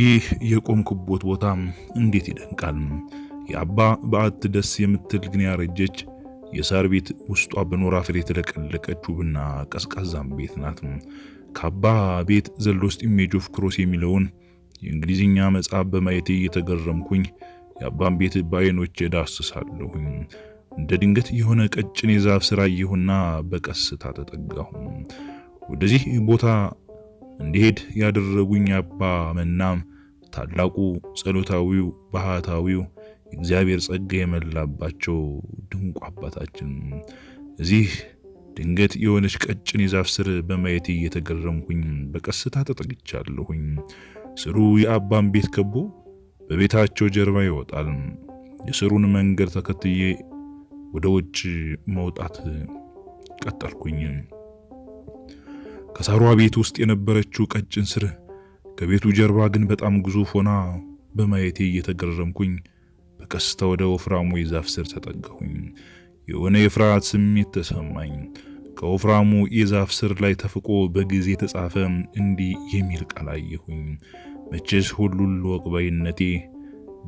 ይህ የቆምኩበት ቦታ እንዴት ይደንቃል! የአባ በዓት ደስ የምትል ግን ያረጀች የሳር ቤት ውስጧ በኖራ ፍሬ የተለቀለቀች ውብና ቀዝቃዛም ቤት ናት። ከአባ ቤት ዘሎ ውስጥ ኢሜጅ ኦፍ ክሮስ የሚለውን የእንግሊዝኛ መጽሐፍ በማየቴ እየተገረምኩኝ የአባን ቤት በአይኖች ዳስሳለሁ እንደ ድንገት የሆነ ቀጭን የዛፍ ስራ እየሆና በቀስታ ተጠጋሁ። ወደዚህ ቦታ እንዲሄድ ያደረጉኝ አባ መናም ታላቁ ጸሎታዊው ባህታዊው እግዚአብሔር ጸጋ የመላባቸው ድንቁ አባታችን እዚህ ድንገት የሆነች ቀጭን የዛፍ ስር በማየት እየተገረምኩኝ በቀስታ ተጠግቻለሁኝ። ስሩ የአባን ቤት ከቦ በቤታቸው ጀርባ ይወጣል። የስሩን መንገድ ተከትዬ ወደ ውጭ መውጣት ቀጠልኩኝ። ከሳሯ ቤት ውስጥ የነበረችው ቀጭን ስር ከቤቱ ጀርባ ግን በጣም ግዙፍ ሆና በማየቴ እየተገረምኩኝ በቀስታ ወደ ወፍራሙ የዛፍ ስር ተጠጋሁኝ። የሆነ የፍርሃት ስሜት ተሰማኝ። ከወፍራሙ የዛፍ ስር ላይ ተፍቆ በጊዜ ተጻፈ እንዲህ የሚል ቃል አየሁኝ። መቼስ ሁሉን ለወቅባይነቴ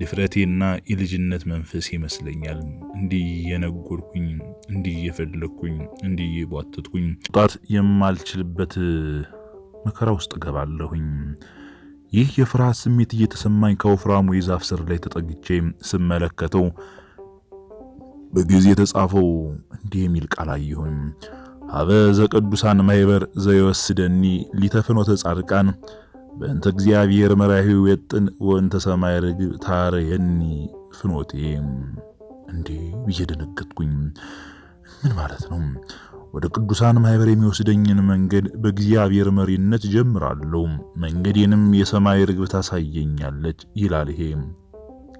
ድፍረቴና የልጅነት መንፈስ ይመስለኛል። እንዲህ የነጎድኩኝ፣ እንዲህ የፈለግኩኝ፣ እንዲህ የቧተትኩኝ ጣት የማልችልበት መከራ ውስጥ ገባለሁኝ። ይህ የፍርሃት ስሜት እየተሰማኝ ከወፍራሙ የዛፍ ስር ላይ ተጠግቼ ስመለከተው በጊዜ የተጻፈው እንዲህ የሚል ቃል አየሁኝ። ሀበ ዘቅዱሳን ማይበር ዘይወስደኒ ሊተፍኖተ ጻድቃን በእንተ እግዚአብሔር መራሂው የጥን ወእንተ ሰማይ ርግብ ታርየኒ ፍኖቴ። እንዴ ብዬ ደነገጥኩኝ። ምን ማለት ነው? ወደ ቅዱሳን ማህበር የሚወስደኝን መንገድ በእግዚአብሔር መሪነት ጀምራለሁ፣ መንገዴንም የሰማይ ርግብ ታሳየኛለች ይላል። ይሄ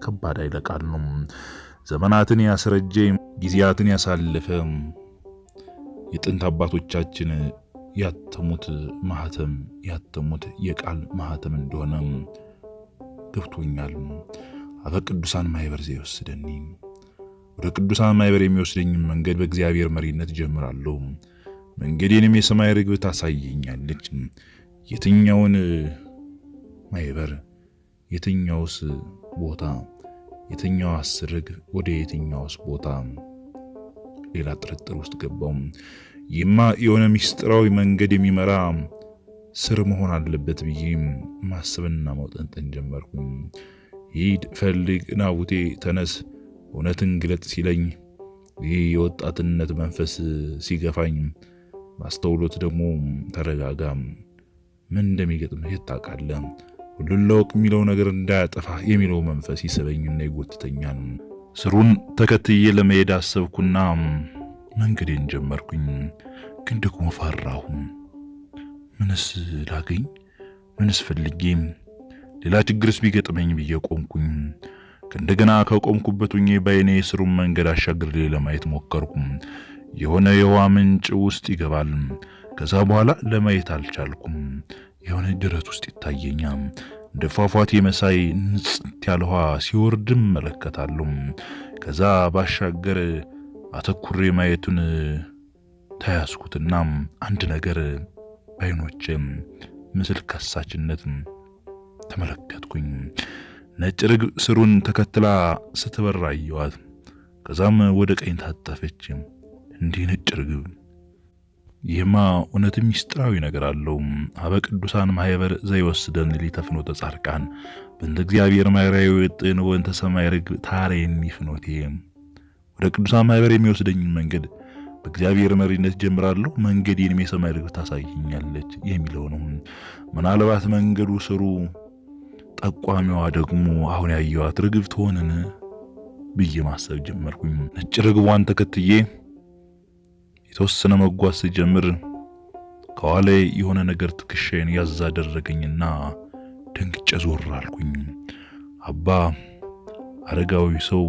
ከባድ አይለቃል ነው። ዘመናትን ያስረጀ ጊዜያትን ያሳለፈ የጥንት አባቶቻችን ያተሙት ማህተም ያተሙት የቃል ማህተም እንደሆነ ገብቶኛል። አፈ ቅዱሳን ማህበር ዘይወስደኒ ወደ ቅዱሳን ማህበር የሚወስደኝ መንገድ በእግዚአብሔር መሪነት ጀምራለሁ። መንገዴንም የሰማይ ርግብ ታሳየኛለች። የትኛውን ማህበር፣ የትኛውስ ቦታ፣ የትኛዋስ ርግብ፣ ወደ የትኛውስ ቦታ? ሌላ ጥርጥር ውስጥ ገባው። ይማ የሆነ ሚስጥራዊ መንገድ የሚመራ ስር መሆን አለበት ብዬ ማሰብና ማውጠንጠን ጀመርኩኝ። ሂድ፣ ፈልግ፣ ናቡቴ ተነስ፣ እውነትን ግለጥ ሲለኝ ይህ የወጣትነት መንፈስ ሲገፋኝ፣ ማስተውሎት ደግሞ ተረጋጋም፣ ምን እንደሚገጥምህ ታውቃለህ፣ ሁሉን ለውቅ የሚለው ነገር እንዳያጠፋ የሚለው መንፈስ ይስበኝና ይጎትተኛል። ስሩን ተከትዬ ለመሄድ አሰብኩና መንገዴን ጀመርኩኝ። ግን ደግሞ ፈራሁ። ምንስ ላገኝ፣ ምንስ ፈልጌ? ሌላ ችግርስ ቢገጥመኝ ብዬ ቆምኩኝ። ከእንደገና ከቆምኩበት ሁኜ በአይኔ ስሩን መንገድ አሻግሬ ለማየት ሞከርኩም። የሆነ የውሃ ምንጭ ውስጥ ይገባል። ከዛ በኋላ ለማየት አልቻልኩም። የሆነ ድረት ውስጥ ይታየኛል። እንደ ፏፏቴ መሳይ ንጽት ያለ ውሃ ሲወርድም መለከታለሁ ከዛ ባሻገር አተኩሬ ማየቱን ተያዝኩትና አንድ ነገር በዓይኖቼም ምስል ከሳችነት ተመለከትኩኝ። ነጭ ርግ ስሩን ተከትላ ስትበራ አየዋት። ከዛም ወደ ቀኝ ታጠፈች። እንዲህ ነጭ ርግብ ይህማ እውነትም ሚስጥራዊ ነገር አለው። አበ ቅዱሳን ማህበር ዘይወስደን ሊተፍኖተ ጻድቃን በእንተ እግዚአብሔር ማርያዊ ጥን ወንተ ሰማይ ርግብ ታሬኒ ፍኖቴ ወደ ቅዱሳን ማህበር የሚወስደኝን መንገድ በእግዚአብሔር መሪነት ጀምራለሁ። መንገድ የንም የሰማይ ርግብ ታሳይኛለች የሚለው ነው። ምናልባት መንገዱ ስሩ ጠቋሚዋ ደግሞ አሁን ያየዋት ርግብ ትሆንን ብዬ ማሰብ ጀመርኩኝ። ነጭ ርግቧን ተከትዬ የተወሰነ መጓዝ ስጀምር ከኋላ የሆነ ነገር ትከሻዬን ያዝ አደረገኝና ደንግጬ ዞር አልኩኝ። አባ አረጋዊ ሰው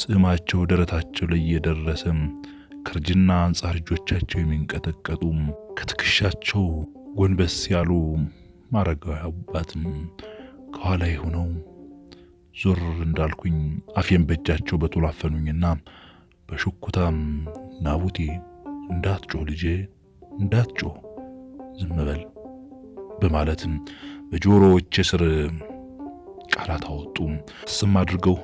ጽማቸው ደረታቸው ላይ የደረሰም ከእርጅና አንጻር እጆቻቸው የሚንቀጠቀጡ ከትከሻቸው ጎንበስ ያሉ ማረጋዊ አባትም ከኋላ የሆነው ዞር እንዳልኩኝ አፌን በእጃቸው በቶሎ አፈኑኝና በሽኩታም ናቡቴ እንዳትጮ ልጄ እንዳትጮ ዝም በል በማለትም በጆሮዎች ስር ቃላት አወጡ ስም አድርገው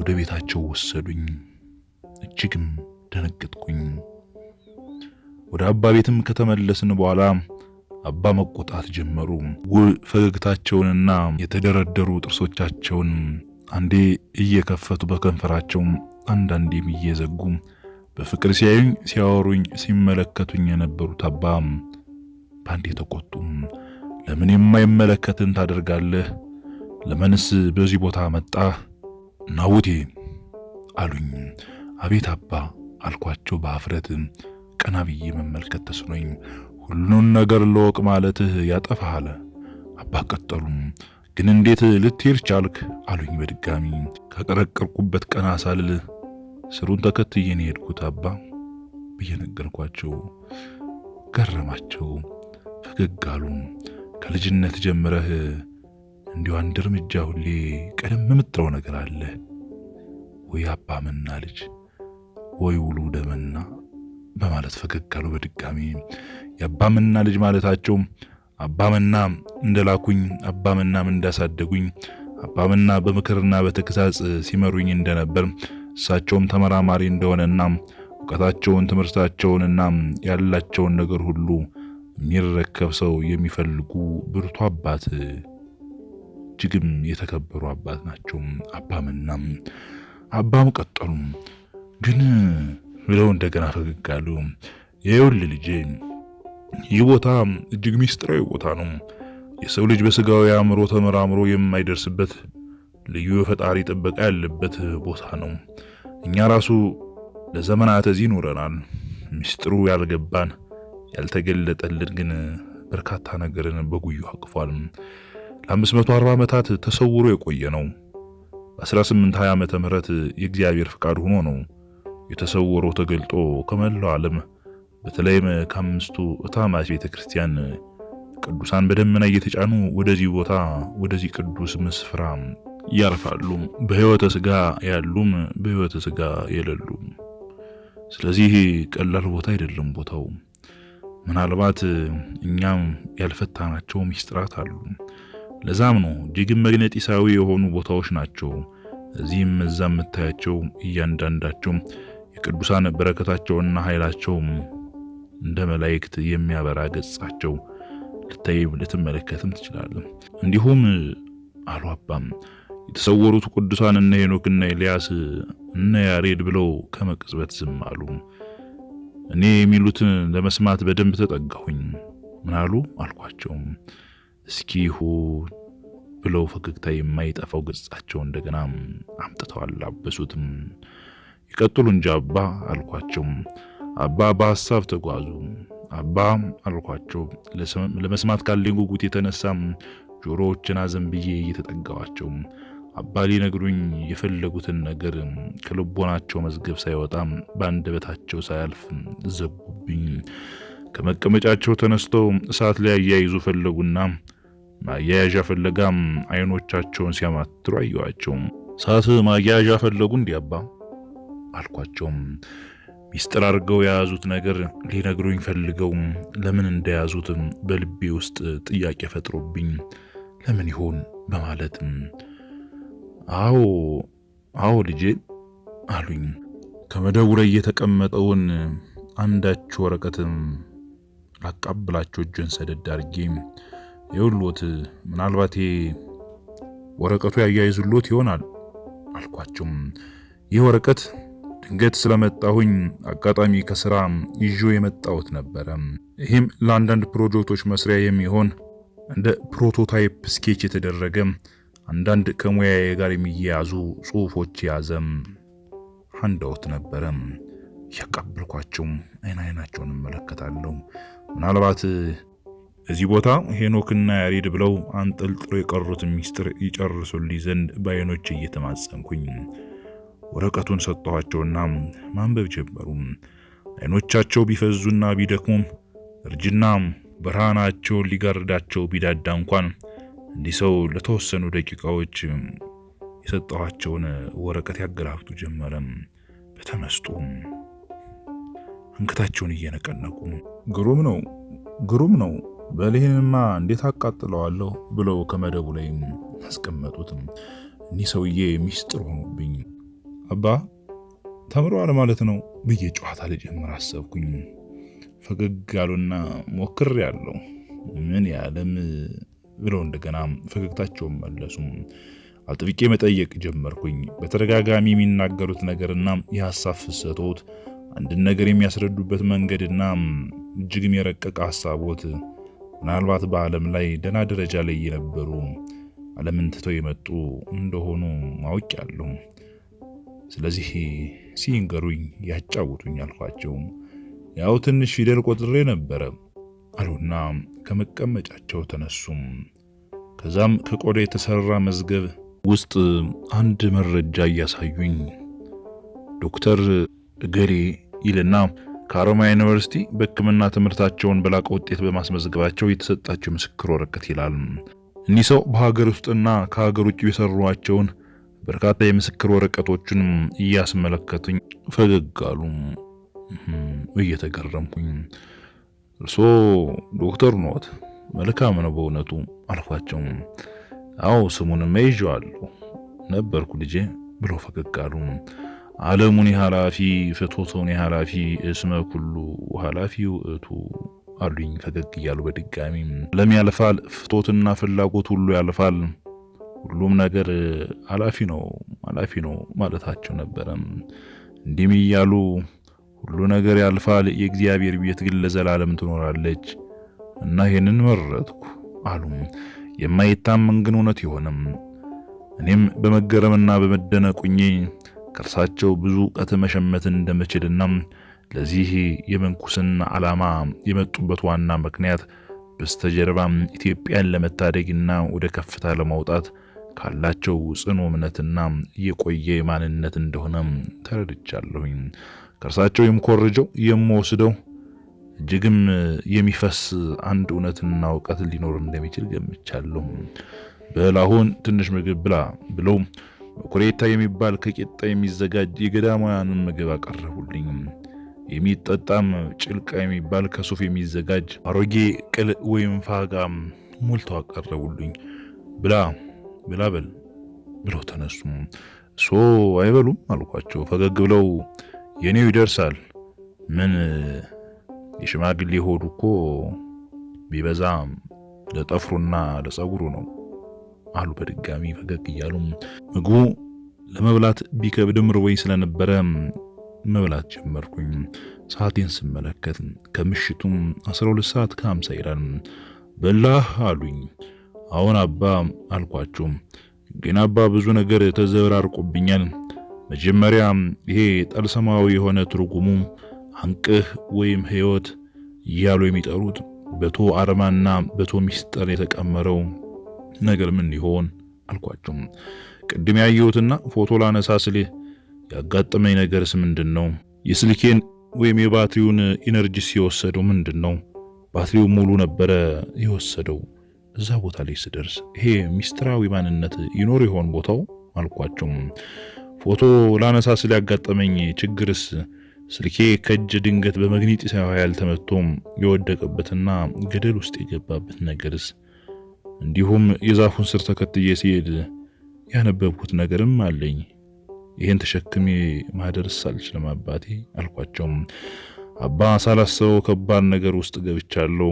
ወደ ቤታቸው ወሰዱኝ። እጅግም ደነገጥኩኝ። ወደ አባ ቤትም ከተመለስን በኋላ አባ መቆጣት ጀመሩ። ውል ፈገግታቸውንና የተደረደሩ ጥርሶቻቸውን አንዴ እየከፈቱ በከንፈራቸው አንዳንዴም እየዘጉ በፍቅር ሲያዩኝ፣ ሲያወሩኝ፣ ሲመለከቱኝ የነበሩት አባ በአንዴ ተቆጡም። ለምን የማይመለከትን ታደርጋለህ? ለምንስ በዚህ ቦታ መጣ? ናውቴ አሉኝ። አቤት አባ አልኳቸው በአፍረት ቀና ብዬ መመልከት ተስኖኝ። ሁሉን ነገር ለወቅ ማለትህ ያጠፋሃል። አባ ቀጠሉም፣ ግን እንዴት ልትሄድ ቻልክ አሉኝ በድጋሚ። ከቀረቀርኩበት ቀና ሳልል ስሩን ተከትዬ ነው የሄድኩት አባ ብዬ ነገርኳቸው። ገረማቸው፣ ፈገግ አሉ። ከልጅነት ጀምረህ እንዲሁ አንድ እርምጃ ሁሌ ቀደም የምጥረው ነገር አለ ወይ አባምና ልጅ ወይ ውሉ ደመና በማለት ፈገግ አሉ። በድጋሚ መና ልጅ ማለታቸው አባምና እንደላኩኝ አባምናም እንዳሳደጉኝ አባምና በምክርና በተግሳጽ ሲመሩኝ እንደነበር እሳቸውም ተመራማሪ እንደሆነና እውቀታቸውን ትምህርታቸውንና ያላቸውን ነገር ሁሉ የሚረከብ ሰው የሚፈልጉ ብርቱ አባት እጅግም የተከበሩ አባት ናቸው። አባምና አባም ቀጠሉም ግን ብለው እንደገና ፈገግ አሉ። የውል ልጄ ይህ ቦታ እጅግ ሚስጥራዊ ቦታ ነው። የሰው ልጅ በስጋዊ አእምሮ ተመራምሮ የማይደርስበት ልዩ የፈጣሪ ጥበቃ ያለበት ቦታ ነው። እኛ ራሱ ለዘመናት እዚህ ኖረናል። ሚስጥሩ ያልገባን ያልተገለጠልን ግን በርካታ ነገርን በጉዩ አቅፏል። ለ540 ዓመታት ተሰውሮ የቆየ ነው። በ1820 ዓመተ ምህረት የእግዚአብሔር ፍቃድ ሆኖ ነው የተሰወረው ተገልጦ ከመላው ዓለም በተለይም ከአምስቱ እታማች ቤተ ክርስቲያን ቅዱሳን በደመና እየተጫኑ ወደዚህ ቦታ ወደዚህ ቅዱስ ምስፍራ ያርፋሉ። በሕይወተ ሥጋ ያሉም በሕይወተ ሥጋ የሌሉም። ስለዚህ ቀላል ቦታ አይደለም ቦታው። ምናልባት እኛም ያልፈታናቸው ሚስጥራት አሉ። ለዛም ነው እጅግ መግነጢሳዊ የሆኑ ቦታዎች ናቸው። እዚህም እዛ የምታያቸው እያንዳንዳቸው የቅዱሳን በረከታቸውና ኃይላቸው እንደ መላእክት የሚያበራ ገጻቸው ልታይ ልትመለከትም ትችላለህ። እንዲሁም አሉ አባም የተሰወሩት ቅዱሳን እነ ሄኖክና ኤልያስ እነ ያሬድ ብለው ከመቅጽበት ዝም አሉ። እኔ የሚሉትን ለመስማት በደንብ ተጠጋሁኝ። ምን አሉ አልኳቸውም። እስኪሆን ብለው ፈገግታ የማይጠፋው ገጻቸው እንደገና አምጥተው አላበሱትም ይቀጥሉ እንጂ አባ አልኳቸው። አባ በሀሳብ ተጓዙ። አባ አልኳቸው ለመስማት ካለኝ ጉጉት የተነሳ ጆሮዎችን አዘንብዬ እየተጠጋዋቸው አባ ሊነግሩኝ የፈለጉትን ነገር ከልቦናቸው መዝገብ ሳይወጣ በአንደበታቸው ሳያልፍ ዘጉብኝ። ከመቀመጫቸው ተነስተው እሳት ላይ አያይዙ ፈለጉና ማያያዣ ፍለጋም አይኖቻቸውን ሲያማትሩ አየኋቸው። ሳት ማያያዣ ፈለጉ እንዲያባ አልኳቸውም። ሚስጥር አድርገው የያዙት ነገር ሊነግሩኝ ፈልገው ለምን እንደያዙት በልቤ ውስጥ ጥያቄ ፈጥሮብኝ ለምን ይሆን በማለት አዎ አዎ ልጄ አሉኝ። ከመደቡ ላይ የተቀመጠውን አንዳች ወረቀትም ላቃብላቸው እጄን ሰደድ አድርጌ የውሎት ምናልባት ወረቀቱ ያያይዙሎት ይሆናል አልኳቸውም። ይህ ወረቀት ድንገት ስለመጣሁኝ አጋጣሚ ከስራ ይዞ የመጣሁት ነበረ። ይህም ለአንዳንድ ፕሮጀክቶች መስሪያ የሚሆን እንደ ፕሮቶታይፕ ስኬች የተደረገ አንዳንድ ከሙያዬ ጋር የሚያያዙ ጽሁፎች የያዘ ሀንዳውት ነበረ። እያቀበልኳቸው አይን አይናቸውን እመለከታለሁ ምናልባት እዚህ ቦታ ሄኖክና ያሬድ ብለው አንጠልጥሎ የቀሩትን ሚስጥር ይጨርሱልኝ ዘንድ በአይኖች እየተማጸንኩኝ ወረቀቱን ሰጠኋቸውና ማንበብ ጀመሩ። አይኖቻቸው ቢፈዙና ቢደክሙም እርጅና ብርሃናቸውን ሊጋርዳቸው ቢዳዳ እንኳን እንዲህ ሰው ለተወሰኑ ደቂቃዎች የሰጠኋቸውን ወረቀት ያገላብጡ ጀመረ። በተመስጦ አንገታቸውን እየነቀነቁ ግሩም ነው፣ ግሩም ነው በልህንማ እንዴት አቃጥለዋለሁ ብለው ከመደቡ ላይ አስቀመጡት። እኒህ ሰውዬ ሚስጥር ሆኖብኝ አባ ተምረዋል ማለት ነው ብዬ ጨዋታ ልጀምር አሰብኩኝ። ፈገግ ያሉና ሞክር ያለው ምን ያለም ብለው እንደገና ፈገግታቸውን መለሱም። አጥብቄ መጠየቅ ጀመርኩኝ። በተደጋጋሚ የሚናገሩት ነገርና የሀሳብ ፍሰቶት አንድን ነገር የሚያስረዱበት መንገድና እጅግም የረቀቀ ሀሳቦት ምናልባት በዓለም ላይ ደህና ደረጃ ላይ የነበሩ ዓለምን ትተው የመጡ እንደሆኑ ማወቅ አውቃለሁ። ስለዚህ ሲንገሩኝ ያጫውቱኝ አልኳቸው። ያው ትንሽ ፊደል ቆጥሬ ነበረ አሉና ከመቀመጫቸው ተነሱም። ከዛም ከቆዳ የተሰራ መዝገብ ውስጥ አንድ መረጃ እያሳዩኝ ዶክተር እገሌ ይልና ከአሮማ ዩኒቨርሲቲ በሕክምና ትምህርታቸውን በላቀ ውጤት በማስመዝገባቸው የተሰጣቸው ምስክር ወረቀት ይላል። እኒህ ሰው በሀገር ውስጥና ከሀገር ውጭ የሰሯቸውን በርካታ የምስክር ወረቀቶችን እያስመለከቱኝ ፈገግ አሉ፣ እየተገረምኩኝ። እርሶ ዶክተር ኖት? መልካም ነው በእውነቱ አልኳቸው። አዎ ስሙንም ይዤዋለሁ ነበርኩ ልጄ ብለው ፈገግ አሉ። ዓለሙኒ ሀላፊ ፍቶቶን ሀላፊ እስመ ኩሉ ሀላፊው ውእቱ አሉኝ ፈገግ እያሉ በድጋሚ ለም ያልፋል ፍቶትና ፍላጎት ሁሉ ያልፋል ሁሉም ነገር አላፊ ነው አላፊ ነው ማለታቸው ነበረ። እንዲህም እያሉ ሁሉ ነገር ያልፋል፣ የእግዚአብሔር ቤት ግን ለዘላለም ትኖራለች እና ይህንን መረጥኩ አሉ። የማይታመን ግን እውነት ይሆንም። እኔም በመገረምና በመደነቁኝ ከእርሳቸው ብዙ እውቀት መሸመት እንደምችልና ለዚህ የምንኩስና ዓላማ የመጡበት ዋና ምክንያት በስተጀርባም ኢትዮጵያን ለመታደግና ወደ ከፍታ ለማውጣት ካላቸው ጽኑ እምነትና የቆየ ማንነት እንደሆነ ተረድቻለሁኝ። ከእርሳቸው የምኮርጀው የምወስደው እጅግም የሚፈስ አንድ እውነትና እውቀት ሊኖር እንደሚችል ገምቻለሁ። በል አሁን ትንሽ ምግብ ብላ ብለው ኩሬታ የሚባል ከቂጣ የሚዘጋጅ የገዳማውያንን ምግብ አቀረቡልኝ። የሚጠጣም ጭልቃ የሚባል ከሱፍ የሚዘጋጅ አሮጌ ቅል ወይም ፋጋ ሞልተው አቀረቡልኝ። ብላ ብላ በል ብለው ተነሱ። ሶ አይበሉም አልኳቸው። ፈገግ ብለው የኔው ይደርሳል ምን የሽማግሌ ሆዱ እኮ ቢበዛም ለጠፍሩና ለጸጉሩ ነው አሉ በድጋሚ ፈገግ እያሉ። ምግቡ ለመብላት ቢከብድም ወይ ስለነበረ መብላት ጀመርኩኝ። ሰዓቴን ስመለከት ከምሽቱም 12 ሰዓት ከ50 ይላል። በላህ አሉኝ። አሁን አባ አልኳቸው። ግን አባ ብዙ ነገር ተዘበራርቆብኛል። መጀመሪያ ይሄ ጠልሰማዊ የሆነ ትርጉሙ አንቅህ ወይም ህይወት እያሉ የሚጠሩት በቶ አርማና በቶ ሚስጥር የተቀመረው ነገር ምን ይሆን አልኳቸው። ቅድም ያየሁትና ፎቶ ላነሳ ስል ያጋጠመኝ ነገርስ ምንድን ነው? የስልኬን ወይም የባትሪውን ኢነርጂስ የወሰደው ምንድን ነው? ባትሪው ሙሉ ነበረ የወሰደው። እዛ ቦታ ላይ ስደርስ ይሄ ሚስጥራዊ ማንነት ይኖር ይሆን ቦታው አልኳቸው። ፎቶ ላነሳ ስል ያጋጠመኝ ችግርስ ስልኬ ከእጅ ድንገት በመግኒጢስ ኃይል ተመትቶ የወደቀበትና ገደል ውስጥ የገባበት ነገርስ እንዲሁም የዛፉን ስር ተከትዬ ሲሄድ ያነበብኩት ነገርም አለኝ። ይህን ተሸክሜ ማደርስ አልችልም አባቴ አልኳቸውም። አባ ሳላስበው ከባድ ነገር ውስጥ ገብቻለሁ።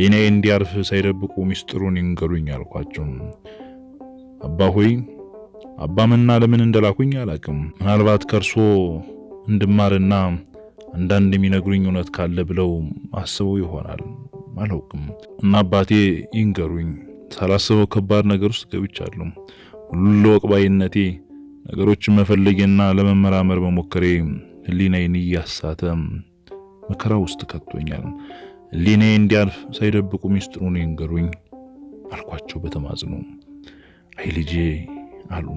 ሊናዬ እንዲያርፍ ሳይደብቁ ሚስጥሩን ይንገሩኝ አልኳቸው። አባ ሆይ አባ ምና ለምን እንደላኩኝ አላቅም። ምናልባት ከእርሶ እንድማርና አንዳንድ የሚነግሩኝ እውነት ካለ ብለው አስበው ይሆናል አላውቅም እና አባቴ ይንገሩኝ። ሳላስበው ከባድ ነገር ውስጥ ገብቻለሁ። ሁሉ ለወቅባይነቴ ነገሮችን መፈለጌና ለመመራመር መሞከሬ ህሊናዬን እያሳተ መከራ ውስጥ ከቶኛል። ህሊናዬ እንዲያልፍ ሳይደብቁ ሚስጥሩን ይንገሩኝ አልኳቸው በተማጽኖ። አይ ልጄ አሉ።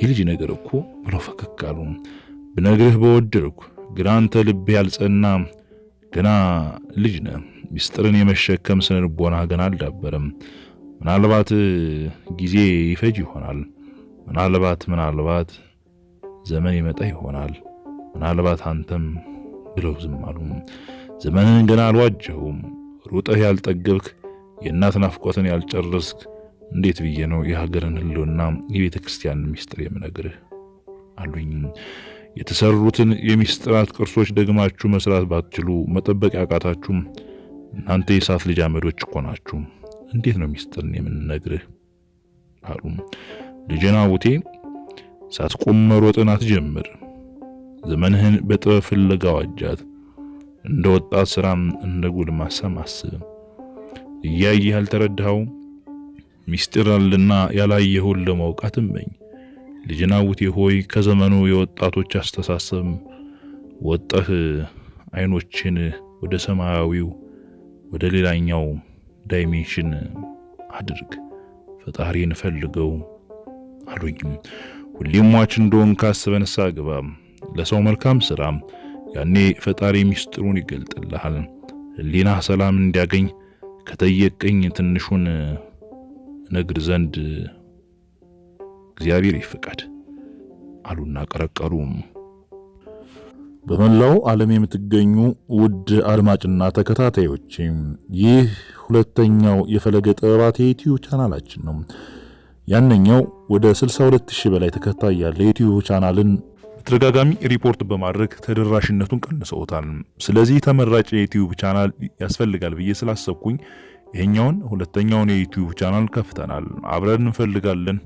የልጅ ነገር እኮ ብለው ፈከክ አሉ። ብነግርህ በወደድኩ ግን አንተ ልብህ ያልጸና ገና ልጅ ነህ። ሚስጥርን የመሸከም ስነ ልቦና ገና አልዳበረም። ምናልባት ጊዜ ይፈጅ ይሆናል። ምናልባት ምናልባት ዘመን ይመጣ ይሆናል። ምናልባት አንተም ብለው ዝም አሉ። ዘመንን ገና አልዋጀውም። ሩጠህ ያልጠገብክ የእናት ናፍቆትን ያልጨረስክ እንዴት ብዬ ነው የሀገርን ህልና የቤተ ክርስቲያንን ሚስጥር የምነግርህ አሉኝ። የተሰሩትን የሚስጥራት ቅርሶች ደግማችሁ መስራት ባትችሉ መጠበቅ ያቃታችሁም እናንተ የእሳት ልጅ አመዶች እኮ ናችሁ፣ እንዴት ነው ሚስጥርን የምንነግርህ አሉ። ልጅና አቡቴ ሳትቆም መሮጥን አትጀምር፣ ዘመንህን በጥበብ ፍለጋ ዋጃት። እንደ ወጣት ስራም እንደ ጎልማሳም አስብ። እያየህ ያልተረዳኸው ሚስጢር አለና ያላየኸውን ለማውቃት እመኝ። ልጅና አቡቴ ሆይ ከዘመኑ የወጣቶች አስተሳሰብ ወጠህ አይኖችን ወደ ሰማያዊው ወደ ሌላኛው ዳይሜንሽን አድርግ፣ ፈጣሪን ፈልገው አሉኝም። ሁሌም ሟች እንደሆንክ ንስሐ ግባ፣ ለሰው መልካም ስራ። ያኔ ፈጣሪ ሚስጥሩን ይገልጥልሃል። ሕሊና ሰላም እንዲያገኝ ከጠየቀኝ ትንሹን ነግር ዘንድ እግዚአብሔር ይፈቃድ አሉና ቀረቀሩ። በመላው ዓለም የምትገኙ ውድ አድማጭና ተከታታዮች ይህ ሁለተኛው የፈለገ ጥበባት የዩትዩብ ቻናላችን ነው። ያነኛው ወደ 62000 በላይ ተከታይ ያለ የዩቲዩብ ቻናልን በተደጋጋሚ ሪፖርት በማድረግ ተደራሽነቱን ቀንሰውታል። ስለዚህ ተመራጭ የዩትዩብ ቻናል ያስፈልጋል ብዬ ስላሰብኩኝ ይሄኛውን ሁለተኛውን የዩትዩብ ቻናል ከፍተናል። አብረን እንፈልጋለን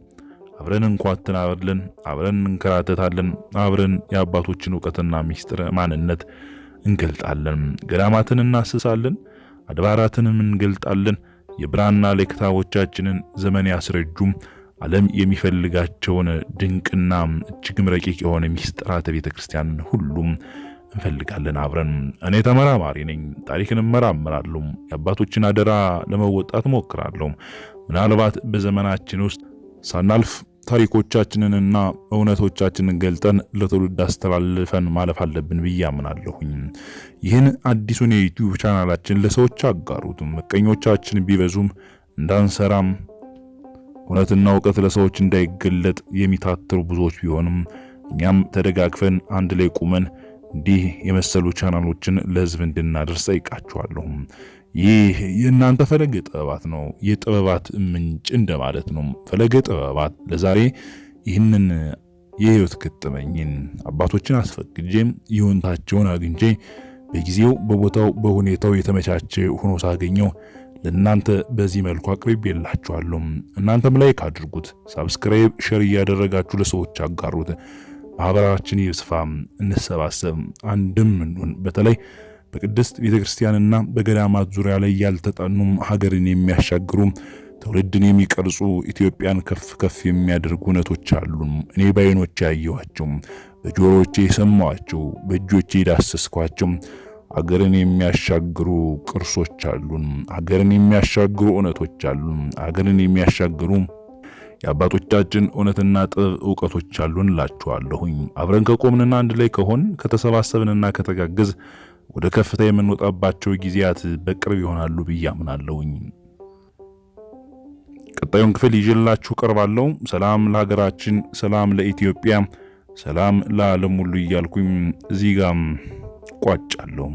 አብረን እንኳትናለን አብረን አብረን እንከራተታለን፣ አብረን የአባቶችን እውቀትና ሚስጥር ማንነት እንገልጣለን። ገዳማትን እናስሳለን፣ አድባራትንም እንገልጣለን። የብራና ለክታቦቻችንን ዘመን ያስረጁም ዓለም የሚፈልጋቸውን ድንቅና እጅግም ረቂቅ የሆነ ሚስጥራተ ቤተ ክርስቲያንን ሁሉም እንፈልጋለን አብረን። እኔ ተመራማሪ ነኝ፣ ታሪክን እመራምራለሁ። የአባቶችን አደራ ለመወጣት እሞክራለሁ። ምናልባት በዘመናችን ውስጥ ሳናልፍ ታሪኮቻችንንና እውነቶቻችንን ገልጠን ለትውልድ አስተላልፈን ማለፍ አለብን ብዬ አምናለሁኝ። ይህን አዲሱን የዩቲዩብ ቻናላችን ለሰዎች አጋሩትም። ምቀኞቻችን ቢበዙም እንዳንሰራም እውነትና እውቀት ለሰዎች እንዳይገለጥ የሚታትሩ ብዙዎች ቢሆንም እኛም ተደጋግፈን አንድ ላይ ቁመን እንዲህ የመሰሉ ቻናሎችን ለህዝብ እንድናደርስ ጠይቃችኋለሁም። ይህ የእናንተ ፈለገ ጥበባት ነው፣ የጥበባት ምንጭ እንደማለት ነው። ፈለገ ጥበባት ለዛሬ ይህንን የህይወት ገጠመኝን አባቶችን አስፈቅጄም ይሁንታቸውን አግኝቼ በጊዜው በቦታው በሁኔታው የተመቻቸ ሆኖ ሳገኘው ለእናንተ በዚህ መልኩ አቅርቤላችኋለሁ። እናንተም ላይክ አድርጉት፣ ሳብስክራይብ፣ ሸር እያደረጋችሁ ለሰዎች አጋሩት። ማህበራችን ይስፋ፣ እንሰባሰብ፣ አንድም እንሁን። በተለይ በቅድስት ክርስቲያንና በገዳማት ዙሪያ ላይ ያልተጠኑም ሀገርን የሚያሻግሩ ትውልድን የሚቀርጹ ኢትዮጵያን ከፍ ከፍ የሚያደርጉ እውነቶች አሉ። እኔ በዓይኖቼ ያየኋቸው፣ በጆሮቼ የሰማኋቸው፣ በእጆቼ የዳሰስኳቸው አገርን የሚያሻግሩ ቅርሶች አሉን። አገርን የሚያሻግሩ እውነቶች አሉን። አገርን የሚያሻግሩ የአባቶቻችን እውነትና ጥበብ እውቀቶች አሉን እላችኋለሁኝ። አብረን ከቆምንና አንድ ላይ ከሆን ከተሰባሰብንና ከተጋገዝ ወደ ከፍታ የምንወጣባቸው ጊዜያት በቅርብ ይሆናሉ ብዬ አምናለሁኝ። ቀጣዩን ክፍል ይዤላችሁ ቀርባለሁ። ሰላም ለሀገራችን፣ ሰላም ለኢትዮጵያ፣ ሰላም ለዓለም ሁሉ እያልኩኝ እዚህ ጋም ቋጫለሁ።